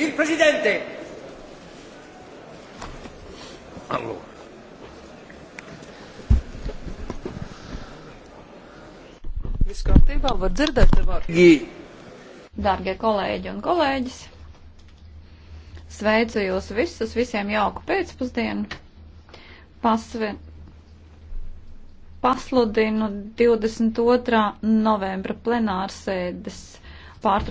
Il Presidente! Allora. Viss kārtībā, var dzirdēt tev arī. Dārgie kolēģi un kolēģis, sveicu jūs visus, visiem jauku pēcpusdienu. Pasve... Pasludinu 22. novembra plenārsēdes pārtraukumu.